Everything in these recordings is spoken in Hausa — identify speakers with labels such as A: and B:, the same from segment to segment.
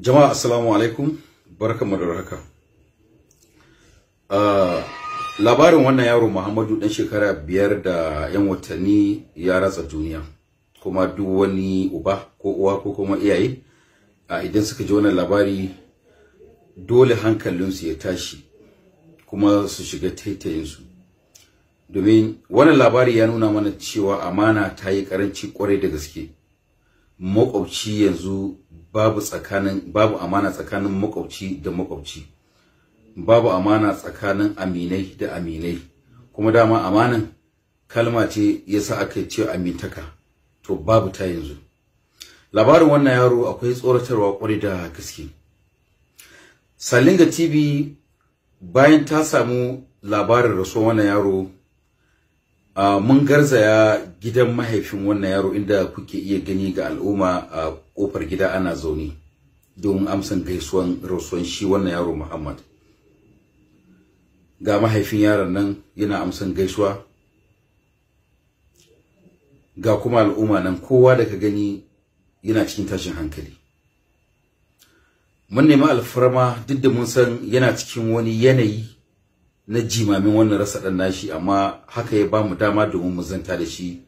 A: Jama'a assalamu alaikum barkamu da warhaka. Uh, labarin wannan yaro Muhammadu dan shekara biyar da yan watanni ya ratsa duniya kuma duk wani uba ko uwa ko kuma iyaye uh, idan suka ji wannan labari dole hankalinsu ya tashi kuma su shiga taitayinsu domin wannan labari ya nuna mana cewa amana ta yi karanci kwarai da gaske makwabci yanzu babu tsakanin babu amana tsakanin makwabci da makwabci babu amana tsakanin aminai da aminai kuma dama amanan kalma ce yasa aka ce amintaka to babu ta yanzu labarin wannan yaro akwai tsoratarwa kwarai da gaske salinga tv bayan ta samu labarin rasuwar wannan yaro Ah, mun garzaya gidan mahaifin wannan yaro inda kuke iya gani ga al'umma a kofar gida ana zaune don amsan gaisuwan rasuwan shi wannan yaro Muhammad ga mahaifin yaron nan yana amsan gaisuwa ga kuma al'umma nan kowa da ka gani yana cikin tashin hankali mun nemi alfarma duk da mun san yana cikin wani yanayi na jimamin wannan rasa dan nashi amma haka ya bamu dama domin mu zanta da shi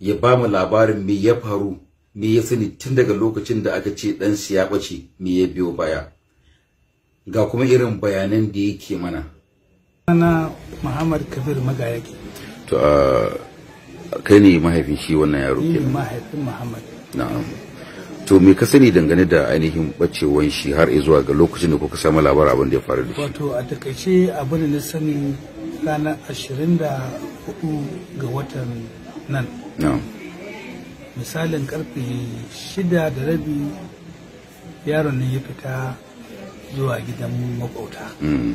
A: ya bamu labarin me ya faru me ya sani tun daga lokacin da aka ce dan shi ya bace me ya biyo baya ga kuma irin bayanan da yake mana
B: ana Muhammad Kabir Magayaki
A: to a kai ne mahaifin shi wannan yaro kenan
B: mahaifin Muhammad
A: na'am to me ka sani dangane da ainihin bacewan shi har zuwa ga lokacin da kuka samu labarin abin da ya faru da
B: shi wato a takaice abin da na sani ranar ashirin da hudu ga watan nan misalin karfe shida da rabi yaron nan ya fita zuwa gidan makwauta mm.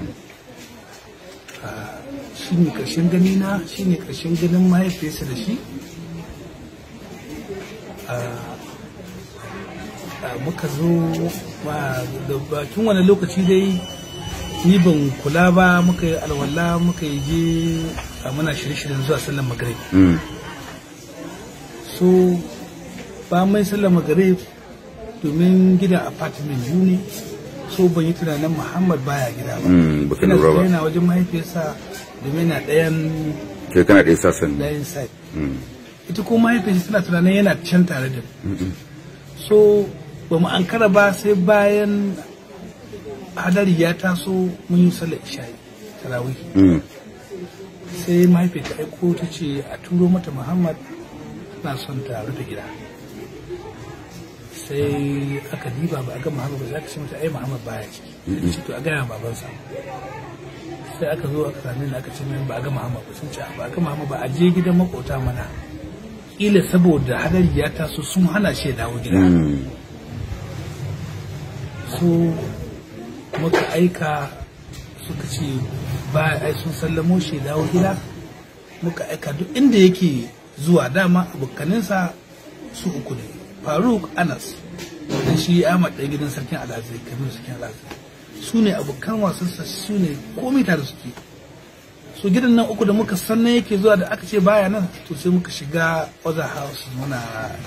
B: shi ne ƙarshen ganina shi ne ƙarshen ganin mahaifiyarsa da shi muka zo da bakin wani lokaci dai ni ban kula ba muka yi alwala muka yi je muna shirye-shiryen zuwa sallan magarib hmm. so ba mai sallan magarib domin gidan apartment biyu ne so ban yi tunanin muhammad baya gida ba hmm, ina zuwa yana wajen mahaifiyarsa domin yana ɗayan
A: ke kana ɗaya sassan ɗayan side hmm.
B: ita ko mahaifiyarsa tana tunanin yana can tare da so ba mu ankara ba sai bayan hadari ya taso mun yi sallar isha'i tarawih hmm. sai mahaifiyar ta aiko ta ce a turo mata muhammad na son ta rufe gida sai aka diba ba a ga muhammad ba za ka ce mata ai muhammad baya
A: ciki to a
B: gaya babansa sai aka zo aka same ni aka ce min ba a ga muhammad ba sun ce ba a ga muhammad ba a je gidan makota mana Ila saboda hadari ya taso sun hana shi ya dawo gida
A: hmm.
B: su muka aika suka ce ba ai sun sallamo shi dawo gida muka aika duk inda yake zuwa dama abokaninsa su uku ne faruk anas dan shi ya ɗan gidan sarkin alazai kamar sarkin alazai su ne abokan wasansa su ne komai tare suke so gidan nan uku da muka sannan yake zuwa da aka ce baya nan to sai muka shiga other house muna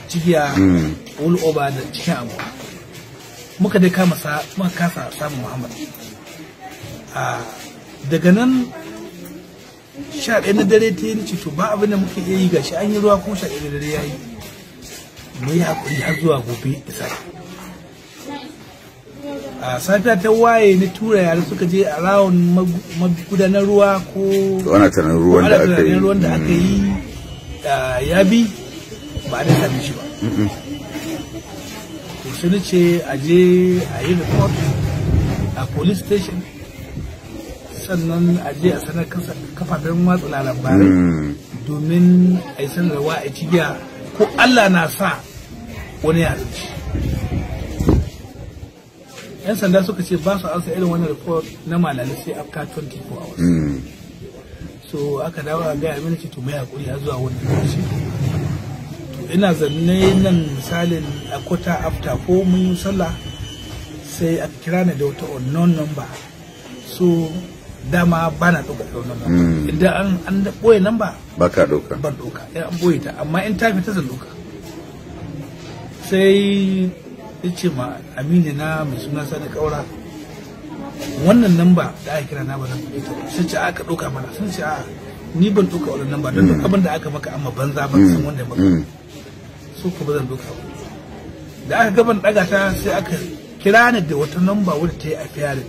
B: cigiya hmm. all over da cikin abuwa muka dai kama sa muka kasa samun muhammad a ah, daga nan sha ɗaya na dare ta yi to ba abin da muke iya yi ga shi an yi ruwa kuma sha ɗaya na dare ya yi mu yi haƙuri har zuwa gobe da safe a ah, safiya ta waye na tura yare suka je a rawon magudanar ruwa ko
A: ana tunanin ruwan da aka yi
B: mm. ah, ya bi ba da sami shi ba sai ce a je a yi report a police station sannan a je a sanar kafafen watsa labarai hmm. domin a yi sanarwa a cigiya ko allah na sa wani ya zuci yan sanda suka ce ba su ansa irin wani report na malali sai afka 24 hours hmm. so aka dawo a gaya mini ce to mai hakuri har zuwa wani lokaci ina zanne nan misalin a kota after ko mun yi sallah sai a kira ni da wata unknown number so dama ba na ɗauka ɗau number hmm. idan an an ɓoye number ba ka ɗauka ban ɗauka ya an ɓoye ta amma in ta fita zan ɗauka sai ya ce ma amini na mai suna sani ƙaura wannan namba da aka kira na ba zan fita sai ce aka ɗauka mana sun ce a ni ban ɗauka wannan namba don hmm. abin da aka maka amma banza ban hmm. san wanda ya maka su kuma zan duka da aka gaban daga ta sai aka kira ni da wata namba wadda ta yi a fiyarin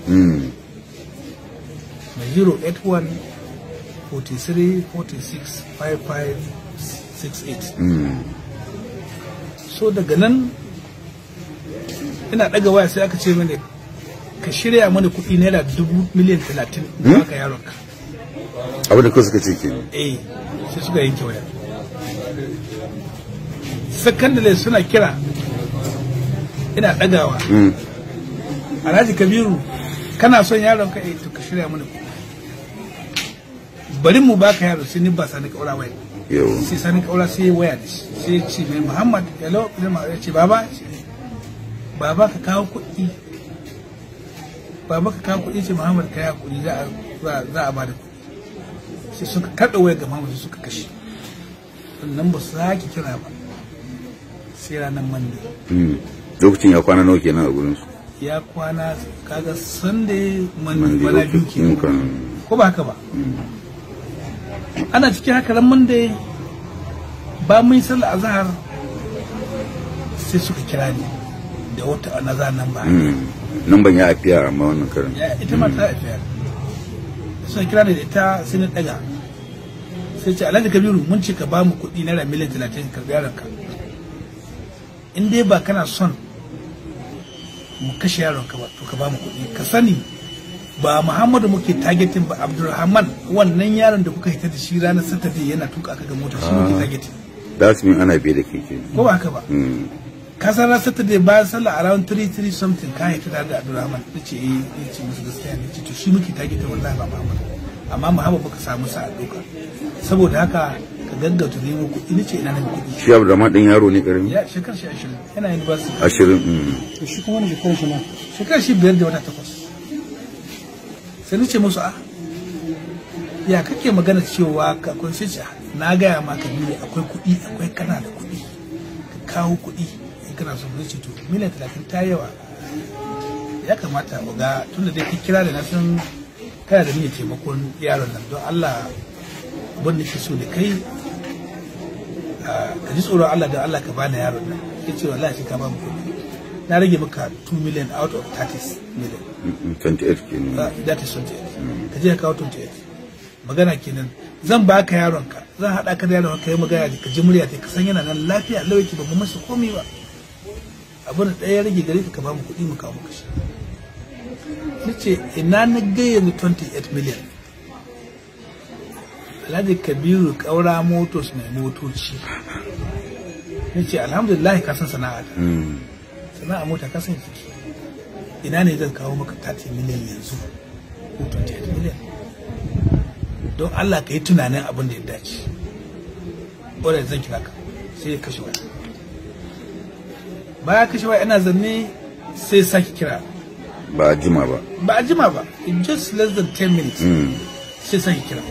B: na 081 43 46 55 68 so daga nan ina daga waya sai aka ce mini ka shirya mana kuɗi naira dubu miliyan talatin da aka yaron ka
A: abin da kawai suka ce ke
B: eh sai suka yanke waya secondary suna kira ina ɗagawa hmm. alhaji kabiru kana son yaron ka eh, to ka shirya mana bari mu baka yaro sai ni ba sani kaura waya sai sani kaura sai ya waya sai ya ce mai muhammad hello ma ce baba baba ka kawo kuɗi baba ka kawo kuɗi ce muhammad ka ya kuɗi za a bada sai suka kaɗa waya ga muhammad suka kashe sannan ba su sake kira ba sai ranar Monday.
A: Hmm. lokacin ya kwana nawa kenan a gurin su
B: ya kwana kaga sunday mande kwana biyu kenan ko ba haka ba hmm. ana cikin haka ran mande ba mun sallar azhar sai suka kira ni da wata naza nan ba
A: nan ban ya afiya amma wannan karin
B: ita ma hmm. ta afiya suka kira ni da ita sai na daga sai ce alhaji kabiru mun ce ka ba mu kuɗi naira miliyan talatin ka karɓi yaron ka in dai ba kana son mu kashe yaronka ba to ka ba mu kuɗi ka sani ba muhammadu muke targeting ba abdulrahman wannan yaron da kuka hita da shi ranar saturday yana tuka ka ga mota shi muke ah, targeting
A: that's me ana biye da keke ko ba haka ba
B: hmm. ka san ranar saturday bayan sallah around 33 something ka hita da abdulrahman nace eh nace musu gaskiya nace to shi muke targeting wallahi ba muhammadu amma muhammadu baka samu sa a doka saboda haka gangatu ne muku ina ce ina nan kuɗi
A: shi abu da ma ɗan yaro ne ƙarami
B: ya shekar shi ashirin yana yin basu
A: ashirin mm.
B: shi kuma wani shekar shi ma shekar shi biyar da wata takwas sai ni ce musu a ah, ya kake magana cewa ka kunshi na gaya ma ka ne akwai kuɗi akwai kana da kuɗi ka kawo kuɗi in kana son zai to miliyan talatin ta yawa ya kamata mu ga tun da dai kira da na san kana da niyyar taimakon yaron nan don Allah abin da ke so da kai a ji tsoron Allah don Allah ka bani yaron nan ya ce wallahi shi ka ba mu kuɗi na rage maka 2 million out of 30 million
A: 28 kenan
B: that is 28 ka je ka kawo 28 magana kenan zan ba ka yaron ka zan hada ka da yaron ka yi magana da ka ji murya ka san yana nan lafiya lawaki ba mu masa komai ba abu da ya rage gare ka ka ba mu kuɗi mu kawo maka shi ce ina na gaya mu 28 million alhaji kabiru kaura motos mai motoci ya ce alhamdulillah ka san sana'a ta hmm. sana'a mota ka san jiki ina ne zan kawo maka 30 miliyan yanzu ko 28 miliyan don allah ka yi tunanin abin da ya dace wadda zan kira ka sai ya kashe wani baya kashe wani ana zanne sai sake kira ba a jima ba ba a jima ba in just less than 10 minutes hmm. sai sake kira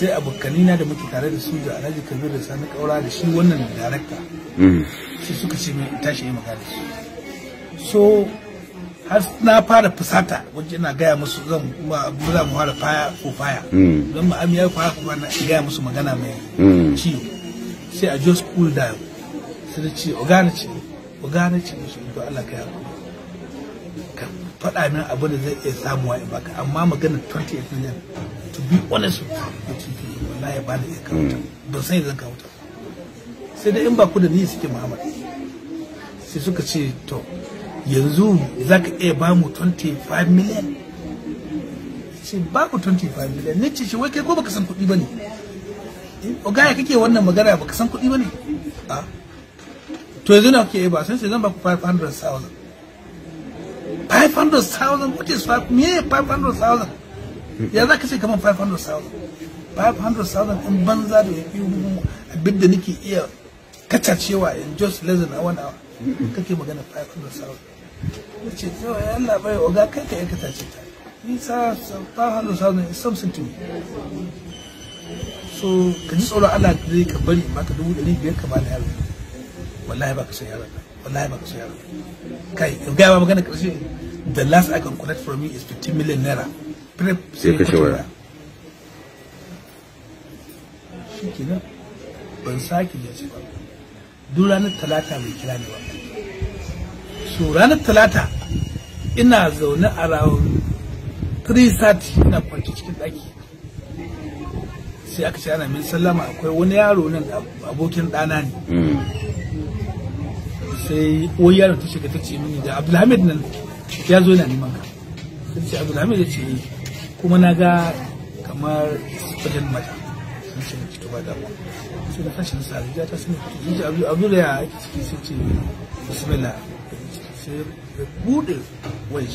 B: sai abokanina da muke tare da su da alhaji kabir da sani kaura da shi wannan darakta mm. shi suka ce mai tashi yi magana su so har na fara fusata wajen na gaya musu zan mm. ba za mu fara faya ko faya don ma amiya ya fara kuma na gaya musu magana mai mm. ciwo sai a just cool down sai da ce ogana ce ogana ce musu to Allah ka yi faɗa min abin da zai iya samuwa in baka amma maganar 28 million to be honest with you wallahi ya bada ya kawo ban sai zan kawuta sai dai in ba ku da ni suke muhammad sai suka ce to yanzu za ka iya ba mu 25 million ce ba ku 25 million ni ce shi wai kai ko baka san kuɗi ba ne eh, ogaya kake wannan magana baka san kuɗi ba ne ah. to yanzu na kuke ba sai zan ba ku 500,000 500,000 what is 5 me 500,000 ya za ka ce kamar 500,000 500,000 in banza da yafi abin da nake iya kacacewa in just less than one hour kake magana 500,000 ya ce to ya labai oga kai ka yan katace ta nisa 500,000 is something to me so ka ji tsoron Allah zai ka bari maka dubu ɗari biyar ka bani yaro wallahi baka so yaro wallahi baka so yaro kai in gaya magana ƙarshe the last I can collect from you is 15 million naira. Prep sai kashe waya. Shikenan ban sake jinsu ba. Duk ranar talata bai kira ne ba. So ranar talata ina zaune a rawun 3:30 ina kwanci cikin ɗaki. Sai aka ce ana min sallama akwai wani yaro nan abokin ɗana ne. Mm. Sai uwar yaron ta shiga ta ce mini da Abdulhamid nan ya zo yana neman ka sun ce abu lami da ce eh. kuma na ga kamar wajen mata sun ce mace to ba da ba sai da fashin sa ya ta sun sun ce abu abu da ya ake ciki sun ce bismillah sai ya bude wani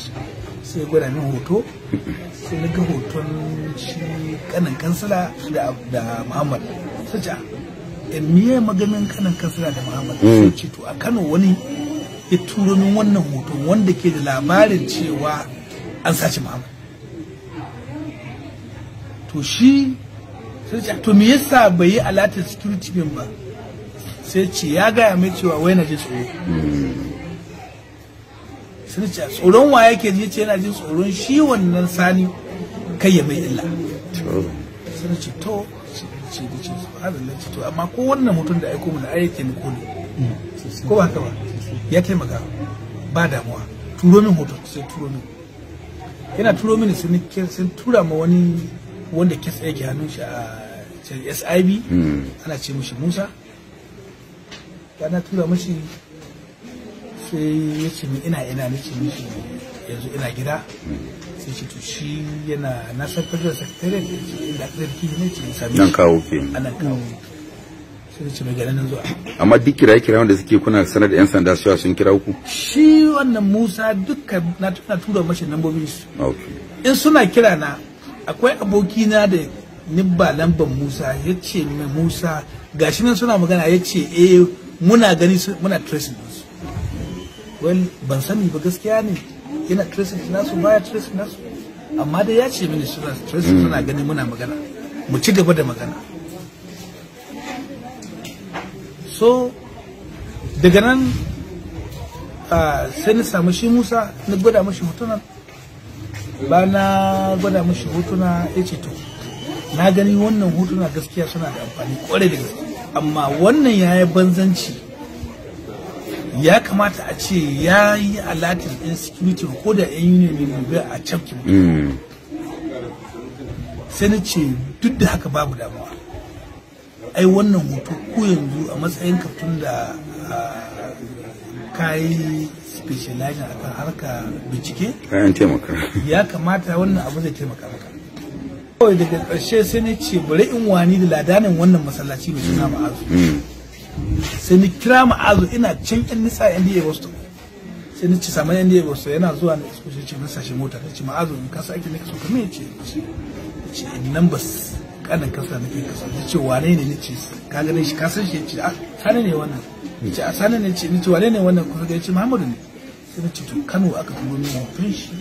B: sai ya gwada min hoto sai na ga hoton shi kanan ah, kansila da muhammad sun ce miye maganin kanan kansila da muhammad sun ce to a kano wani ya turo min wannan hoto wanda ke da labarin cewa an sace Muhammad to shi sai ce to me yasa bai yi alata security bin ba sai ce ya gaya mai cewa wai na ji tsoro sai ce tsoron wa yake ji ce yana jin tsoron shi wannan sani kai ya mai illa sai ce to ce ce to amma ko wannan mutum da aiko ko ne mm. ko ba ka ba ya taimaka ba damuwa turo min hoton sai turo min yana turo mini sun tura ma wani wanda kes yake hannun shi a SIB hmm. ana ce mishi Musa kana tura mishi sai ya ce min ina ina nace mishi yanzu ina gida hmm. sai shi to shi yana na da federal secretariat inda aka ne ce sami nan kawo ke anan kawo zuwa
A: amma duk kiraye kirayen da suke kuna sanar da yan sanda cewa sun kira ku
B: shi wannan Musa dukkan na tura mashi lambobin su in suna kira na akwai abokina da nibba lamban Musa ya ce mai Musa gashi nan suna magana ya ce eh muna gani muna tracing su wani ban sani ba gaskiya ne yana tracing su baya tracing su amma da ya ce mini suna tracing suna gani muna magana mu ci gaba da magana so daga nan sai na samu shi musa na gwada mashi hotuna ba na gwada mashi hotuna ya ce to na gani wannan hotuna gaskiya suna da amfani kwarai da gaske amma wannan ya yi banzanci ya kamata a ce ya yi alatin yan security ko da yan union ne gobe a cafkin hmm. sai na ce duk da haka babu damuwa ai wannan hoto ko yanzu a matsayin tun da kayi specializing akan harka
A: bincike kayan taimaka
B: ya kamata wannan abu zai taimaka maka kawai daga ƙarshe sai ni ce bari in wani da ladanin wannan masallaci mai suna ma'azu mm. sai ni kira ma'azu ina can yan nisa yan da wasu sai ni ce saman yan da wasu yana zuwa na iskoshi ce masa shi mota ta ce ma'azu in kasa ake ne ka so ka ya ce ce in nan bas kanan kasa nake kasa ya ce wane ne nace ka gane shi ka san shi ya ce a ah, sani ne wannan hmm. ya ce a ah, sani ne ce nace wane ne wannan kusa ga ya ce Muhammadu ne sai na ce to Kano aka turo min hoton shi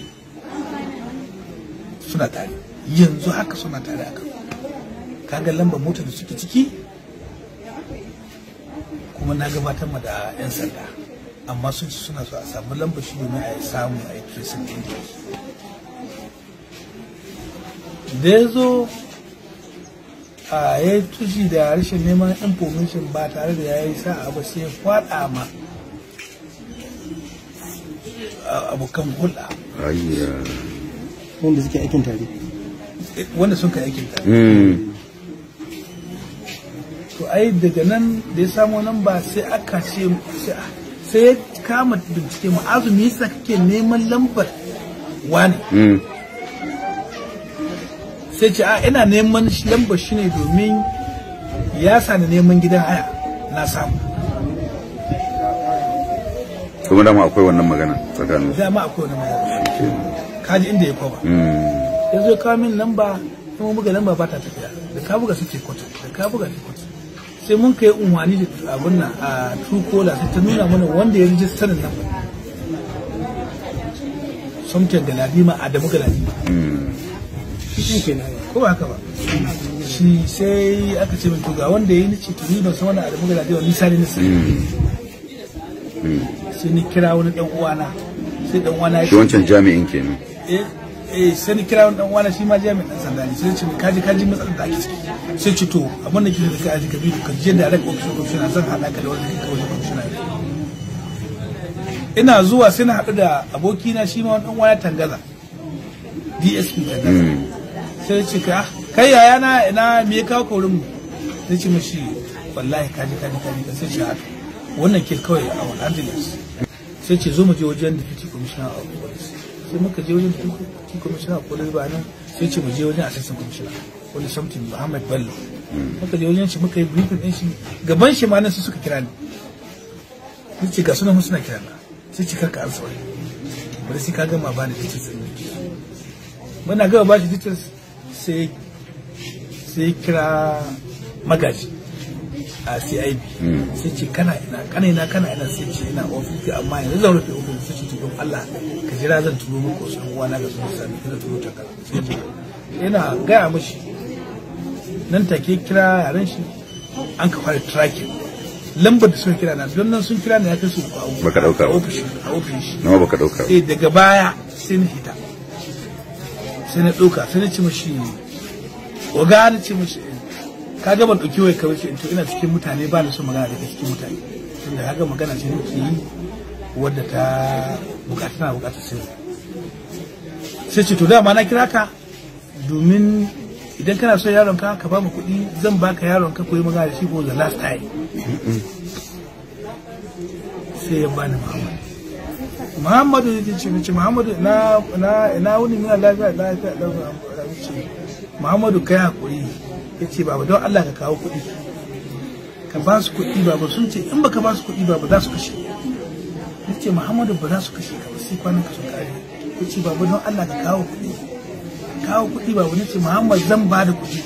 B: suna tare yanzu haka suna tare akan ka ga lambar motar da suke ciki kuma na gabatar ma da yan sanda amma sun ci suna so a samu lambar shi domin a samu a yi tracing din da ya zo ya tushi da rashin neman information ba tare da ya yi sa'a ba sai faɗa ma abokan hulɗa wanda suke aikin tare wanda sun ka aikin tare
A: hmm.
B: to ai daga nan da ya samo nan ba sai aka ce sai ya kama bincike mu azumi yasa kake neman lambar wani hmm. sai ce a ina neman lambar shi ne domin ya sani neman gidan haya na samu
A: kuma dama akwai wannan magana tsakanin
B: dama akwai wannan magana kaji inda ya kwaba hmm. ya zo kawo min lamba kuma buga lamba ba ta tafiya da ka buga su ce kwata da ka buga su kwata sai mun kai unwani da abin nan a tukola sai ta nuna mana wanda ya rijistar nan sometimes galadima adamu galadima
A: hmm.
B: cikin kenan ko ba haka ba shi sai aka ce to ga wanda yayi nace to ni ban san wannan adamu da ni sani ne sani sai ni kira wani dan uwana sai dan uwana shi wancan jami'in kenan eh eh sai ni kira wani dan uwana shi ma jami'in dan sanda ne sai ce kaji kaji matsalar da ake ciki sai ce to abin da kike da kaji ka bi ka je da rake office suna zan hada ka da wani kawai commissioner ina zuwa sai na haɗu da abokina shi ma wani dan uwana tangaza dsp tangaza hmm. sai ce ka kai yaya na ina me ka kori mu sai ce mishi wallahi ka ji ka ji ka ji sai ce haka wannan ke kawai a Los Angeles sai ce zo mu je wajen deputy commissioner of police sai muka je wajen deputy commissioner of police ba nan sai ce mu je wajen assistant commissioner wani something Muhammad Bello muka je wajen shi muka yi briefing din shi gaban shi ma nan su suka kira ni sai ce ga sunan suna kira na sai ce karka an sauri bari sai ka gama bani details muna gaba ba shi details sai kira magaji a cib hmm. sai ce kana ina kana ina kana ina sai ce ina ofisi amma yanzu zan rufe ofin sai ce tukun allah ka jira zan turo muku wasu ruwa na gasu musa da ina turo takara sai ce yana gaya mashi nan take kira yaren shi an ka fara tracking lambar da suka kira na don nan sun kira na ya kai su a
A: ofishin
B: na baka dauka sai eh, daga baya sai na hita sai na ɗauka sai na ci mashi waga na ci mashi ka ga ban ɗauki wai kawai in to ina cikin mutane ba na so magana daga cikin mutane da haka magana ce nake yi wadda ta bukata na bukata sirri sai ce to dama na kira ka domin idan kana so yaron ka ka ba mu kuɗi zan baka yaron ka koyi magana da shi ko the last time sai ya bani Muhammad muhammadu ya ce mace muhammadu na na na wuni mina lafiya lafiya lafiya ce muhammadu kai hakuri ya ce baba don allah ka kawo kuɗi ka ba su kuɗi baba sun ce in baka ba su kuɗi baba za su kashe ya ce muhammadu ba za su kashe ka ba sai kwanan ka sun kare ya ce baba don allah ka kawo kuɗi kawo kuɗi baba ya ce muhammadu zan ba da kuɗi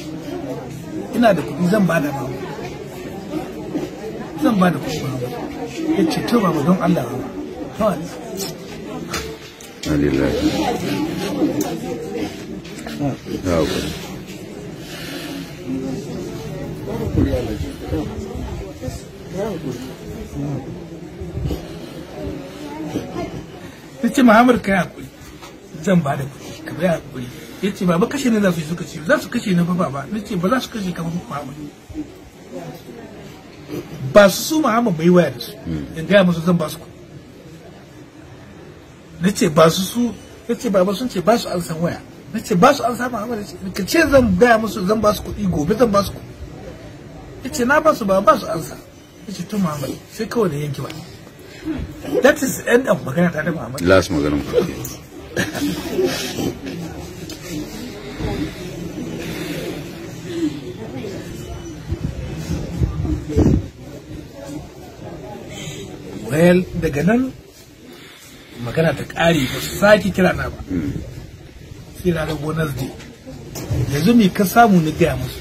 B: ina da kuɗi zan ba da ba zan ba da kuɗi ba ya ce to baba don allah ba Alhamdulillah. Ya Ta ce Muhammad ka yi hakuri zan ba da kuɗi ka bai hakuri ya ce baba kashe ne za su yi suka ce za su kashe na baba ba na ce ba za su kashe kamar Muhammad ba su su Muhammad bai waya da su hmm. in gaya musu zan ba su kuɗi na ce ba su su na ce ba sun ce ba su an san waya na ce ba su an san Muhammad ka ce zan gaya musu zan ba su kuɗi gobe zan ba su kuɗi ya ce na ba su ba ba su an san ya ce to Muhammad sai kawai da yanki ba that is end of magana ta da Muhammad last maganan ku well daga nan magana ta ƙare ba su sake kira na ba hmm. sai ranar bonus day yanzu me ka samu na gaya musu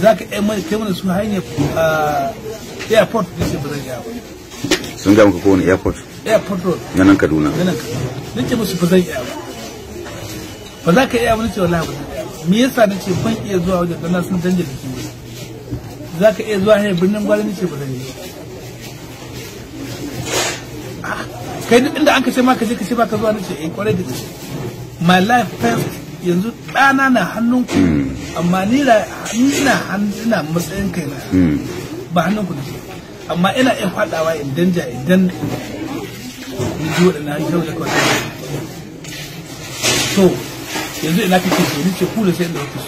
B: za ka ɗaya mai kai mana su hanyar ah, airport ne sai ba zan iya
A: ba sun gama ka kowane airport airport road na nan kaduna na
B: nan kaduna nake musu ba zan iya ba ba za ka iya ba nace wallahi ba me yasa nace ban iya zuwa wajen dana sun danje da ke za ka iya zuwa hanyar birnin gwari nace ba zan iya ah, kai duk inda an ka ce ma ka je ka ce ba ka zuwa nace eh kwarai da gaske my life first yanzu ɗana na hannun ku hmm. amma ni na ina matsayin kai hmm. na ba hannun ku nace amma ina iya fadawa in danja idan ni ji waɗanda yi jawo da kawai to yanzu ina kake so ni ce ku da sai inda kake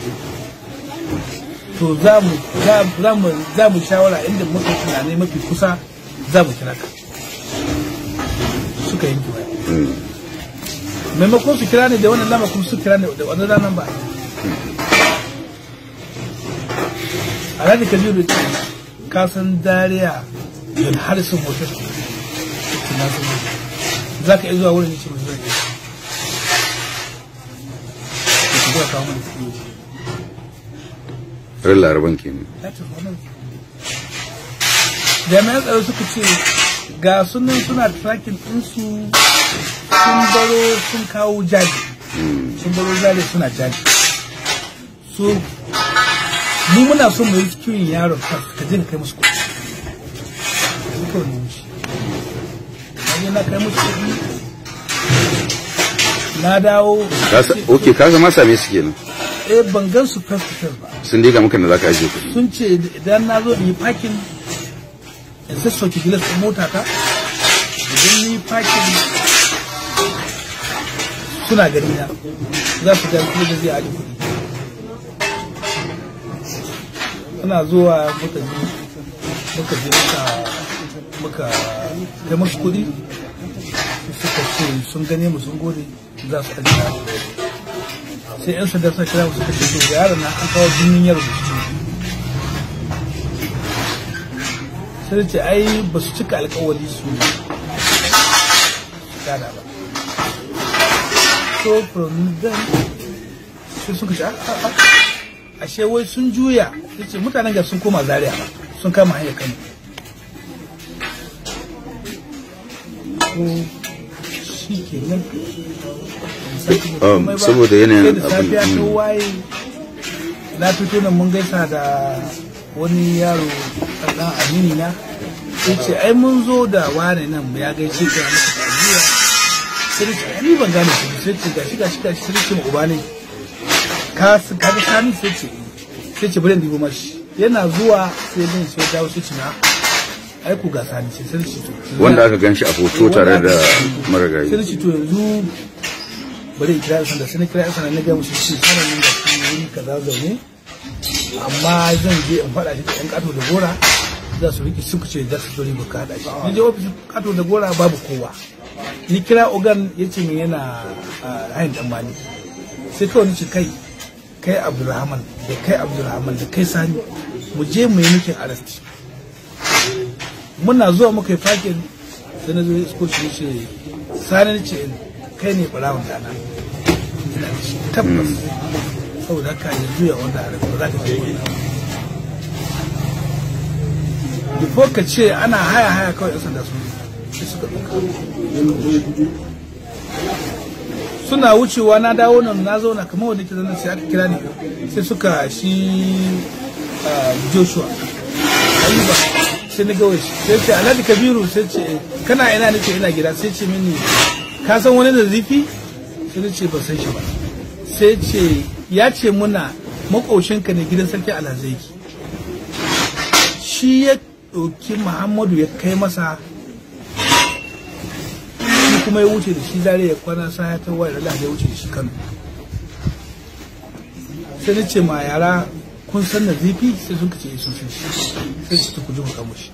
B: so to za mu shawara inda muka tunani mafi kusa za mu kira ka suka yanke waya hmm. maimakon su kira ne da wani lamba kuma su kira ne da wani ranar ba a ka jiru ce ka san dariya yin harisun hotel za ka iya zuwa wurin ce mai zai ne zuwa kawo mana kuɗi
A: rin laraban ke ne
B: jami'an tsaro suka ce ga sunan suna tracking ɗinsu sun baro sun kawo jaji sun baro jaji suna jaji so mu muna son mai yi cikin yaron ka je ka kai musu kuɗi ka wani mushi na na kai musu kuɗi na dawo
A: ok ka zama same su kenan
B: eh ban gan su first ba
A: sun dai ga maka da zaka ajiye
B: kuɗi sun ce idan na zo in yi parking in sassoke gilas ɗin mota ta idan ni fakin suna gani na za su ga kuma da zai aji kuɗi ana zuwa muka je muka je muka muka kai musu kuɗi suka ce sun gane mu sun gode za su aji sai 'yan sanda suka kira mu suka ce yaron na an kawo jinin yaro da shi sai ce ai ba su cika alkawari su gada ba so from then sai sun ce ah, ah, ah. ashe wai sun juya sai ce mutanen ga sun koma zaria ba sun kama hanyar kan um, saboda yanayin abin mm. na fito nan mun gaisa da wani yaro ɗan amini na sai ce ai mun zo da ware nan ya gaishe ka maka tajiya sai ni ban gane shi sai ce shi ga shi sai ce uba ne ka ka ga sani sai ce sai ce bari dibo mashi yana zuwa sai bin sai dawo sai ce na ai ku ga sani sai sai ce to wanda aka ganshi a hoto tare da
A: maragayi sai ce
B: to yanzu bari kira sanda sai kira sanda na ga musu shi sanan nan da shi kaza zaune amma zan je in faɗa shi da yan kato da gora za su riƙe suku ce za su zo riba ka haɗa shi ni je ofishin kato da gora babu kowa ni kira ogan ya ce min yana hayin dan mali sai kawai ce kai kai abdulrahman da kai abdulrahman da kai sani mu je mu yi mikin arasti muna zuwa muka yi fakin sai na zo school shi ce sani ce kai ne ɓarawon dana tabbas saboda haka yanzu ya wanda za ka ka ce ana haya haya kawai yan sanda sun suka ɗauka suna wucewa na dawo nan na zauna kamar wani ke zaune sai aka kira ni sai suka shi joshua ayuba sai na gawai sai ce alhaji kabiru sai ce kana ina nake ina gida sai ce mini ka san wani da zifi sai ce ba san shi ba sai ce ya ce muna ka ne gidan sarki alhazaiki shi ya ɗauki muhammadu ya kai masa shi kuma ya wuce da shi zare ya kwana sa ya wayar da ya wuce da shi kano sai na ce ma yara kun san na zifi sai sun kace eh, sun shi, sai su ku kamo shi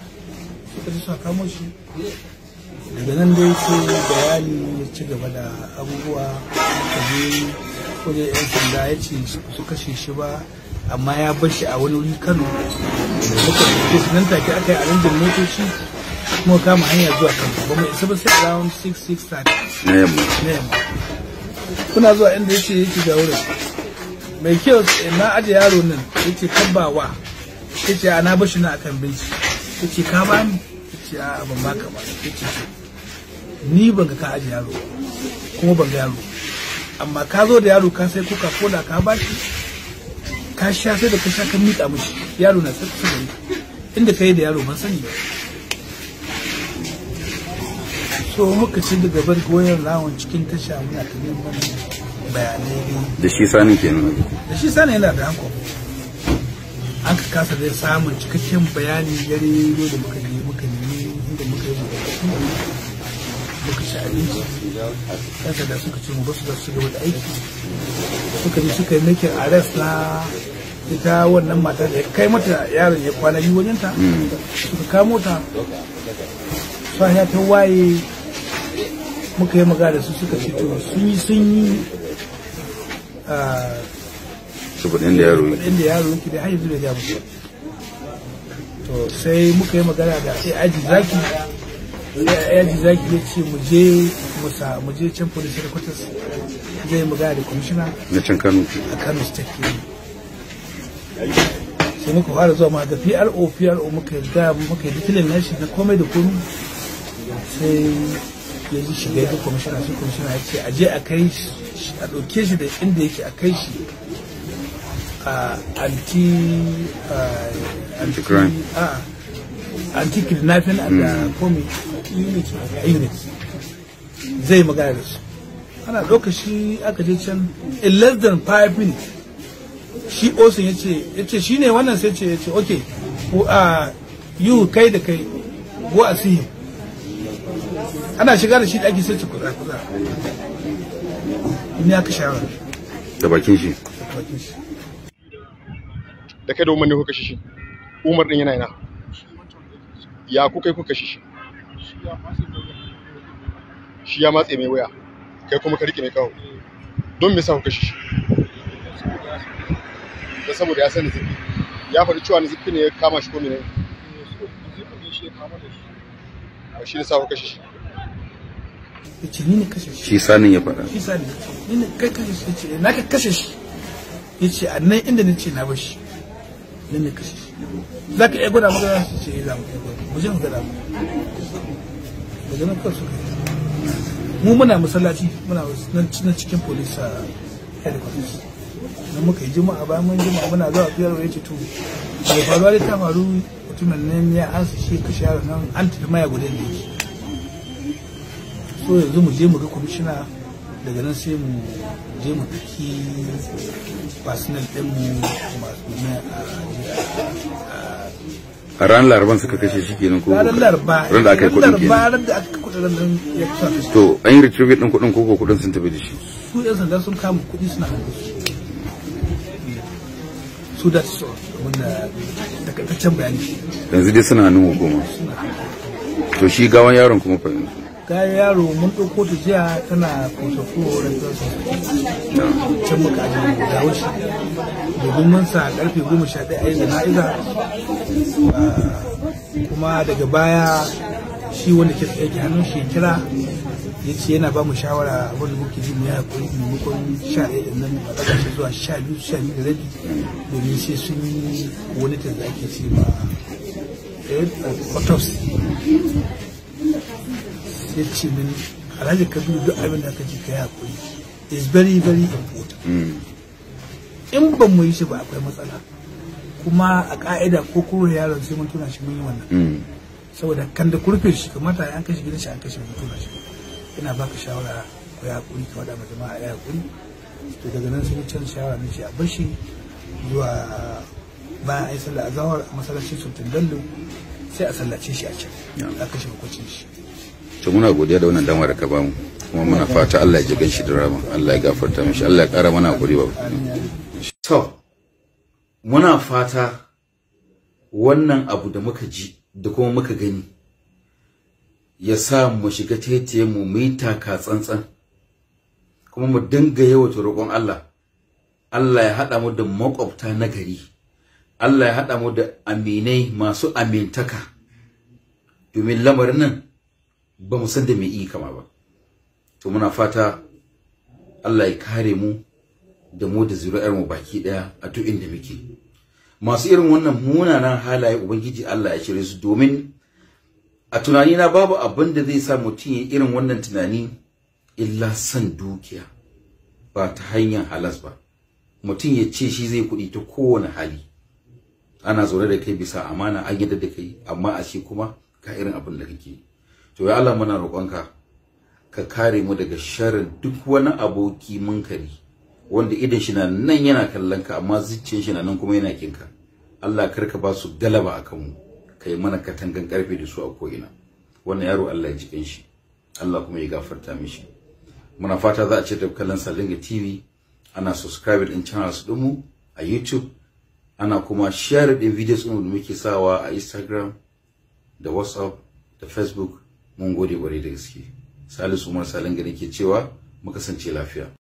B: sai su kamo shi daga nan dai sai bayani ya ci gaba da abubuwa da wajen yan sanda ya ce su kashe shi ba amma ya bar shi a wani wuri kano muka ɗauke su nan take aka yi a rinjin motoci kuma kama hanya zuwa kano ba mu isa ba sai around na yamma na yamma kuna zuwa inda yake yake da wurin mai kyau na aje yaro nan yace tabbawa yace ana bashi na akan binci yace ka bani yace a ban baka ba yace ni ban ga ka aje yaro kuma ban ga yaro amma ka zo da yaro ka sai kuka koda ka bashi ka sha sai da ka sha ka miƙa mishi yaro na tsatsa da inda ka yi da yaro ban sani ba so muka ci daga bar goyon rawon cikin tasha muna ta neman bayanai
A: da shi sanin kenan
B: da shi sanin yana da hankali an ka kasa zai samun cikakken bayani dare da muka yi muka ci abinci yan suka mu basu da su gaba aiki suka je suka yi nake arrest na ita wannan da kai mata yaron ya kwana biyu wajen ta suka kamo ta ta waye muka yi magana su suka ce to sun yi sun yi ah, da yaro yake da yaro da har da to sai muka yi magana da sai aji zaki yaji zaki ya ce mu je musa mu je can police headquarters zai magana da commissioner
A: na can Kano a
B: Kano state sai muka fara zuwa ma da PRO PRO muka ga muka yi dikilin nashi na komai da komi. sai ya ji shiga ga commissioner sai commissioner ya ce a je a kai shi a ɗauke shi da inda yake a kai shi a anti anti crime a anti kidnapping and komi uh, mm. unit unit zai magana da su ana lokaci aka je can in less than five minutes shi osin ya ce ya ce shi ne wannan sai ce ya ce ok uh, yi kai da kai go a see ana shiga da shi da ake sai ce kuza kuza ne aka shawara
A: da bakin shi da kai da umarni kuka shi umar din yana yana ya kuka yi kuka shi shi shi ya matse mai waya kai kuma ka rike mai kawo don me sa kuka shi da saboda ya sani zifi ya faɗi cewa ni zifi ne ya kama shi ko mene
B: shi ne sa kuka shi yace ni ne
A: kashe shi shi sanin ya faɗa
B: shi sanin ni ne kai kashe shi yace eh, na ka kashe shi yace a nan inda nace na bar shi ni ne kashe shi zaka iya gwada magana shi ce ya eh, zama iya gwada mu je mu gwada mu daga nan kansu mu muna masallaci muna nan cikin police uh, headquarters na muka yi juma'a bayan mun juma'a muna zuwa fiyar ya ce to da faruwa da ta faru mutumin nan ya ansa shi ka yaron nan an tafi maya gudan da yake so yanzu mu je mu ga kwamishina daga nan sai mu je mu fasinal personal mu masu ne
A: a uh, a ranar laraban suka kashe shi kenan ko ranar laraba ran da aka yi ran da
B: aka yi kuɗin ya kusa
A: to an yi retrieve din kudin koko kudin sun tafi da shi
B: su yan sanda sun kama kudi suna hannu su da su wanda takaitaccen bayani
A: yanzu dai suna nuna goma to shi gawan yaron kuma fahimta
B: ta yi yaro mun ɗauko ta jiya tana kosafo rantarsa can muka da wuce domin mun sa karfe goma sha ɗaya ayi jana'iza ah, kuma daga baya shi wanda ke tsaye hannun shi kira ya ce yana ba mu shawara wanda muke ji mu ya hakuri maimakon sha ɗaya ɗin nan a ƙasashe zuwa sha biyu sha biyu da rabi domin sai sun yi wani da ake ce ba eh, autopsy sai ce mini alhaji kabiru duk abin da ka ji ka yi hakuri is very very important hmm. in ban mu yi shi ba akwai matsala kuma a ka'ida ko kuro yaron sai mun tuna shi mun yi wannan hmm. saboda kan da kurfe shi kamata an kashe gidan shi an kashe mun tuna shi ina baka shawara ko ya hakuri ka wada jama'a ya hakuri to daga nan sai can shawara ne shi a bashi zuwa bayan ai sallah azhar masallacin sultan dallo sai a sallace shi a can a kashe hukuncin shi
A: to muna godiya da wannan damar da ka bamu kuma muna fata Allah ya jigan shi da rama Allah ya gafarta mishi Allah ya kara mana hakuri ba to muna fata wannan abu da muka ji da kuma muka gani ya sa mu shiga tete mu mu taka tsantsan kuma mu dinga yawata roƙon Allah Allah ya haɗa mu da makwabta na gari Allah ya haɗa mu da aminai masu amintaka domin lamarin nan ba mu san da me yi kama ba to muna fata Allah ya kare mu da mu da zuri'ar mu baki daya a duk inda muke masu irin wannan munanan halaye ubangiji Allah ya shirye su domin a tunani na babu abin da zai sa mutum ya irin wannan tunani illa san dukiya ba ta hanyar halas ba mutum ya ce shi zai kuɗi ta kowane hali ana zaune da kai bisa amana an yadda da kai amma a shi kuma ka irin abin da kake yi to ya Allah muna roƙonka ka kare mu daga sharrin duk wani aboki munkari wanda idan shi na nan yana kallon ka amma zuciyar shi na nan kuma yana kinka Allah kar ka ba su galaba akan mu kai mana katangan karfe da su a ko'ina wannan yaro Allah ya jikin shi Allah kuma ya gafarta mishi muna fata za a ce da kallon Salinga TV ana subscribe din channels mu a YouTube ana kuma share din videos din da muke sawa a Instagram da WhatsApp da Facebook mun gode kwarai da gaske salisu umar salin gari ke cewa mu kasance lafiya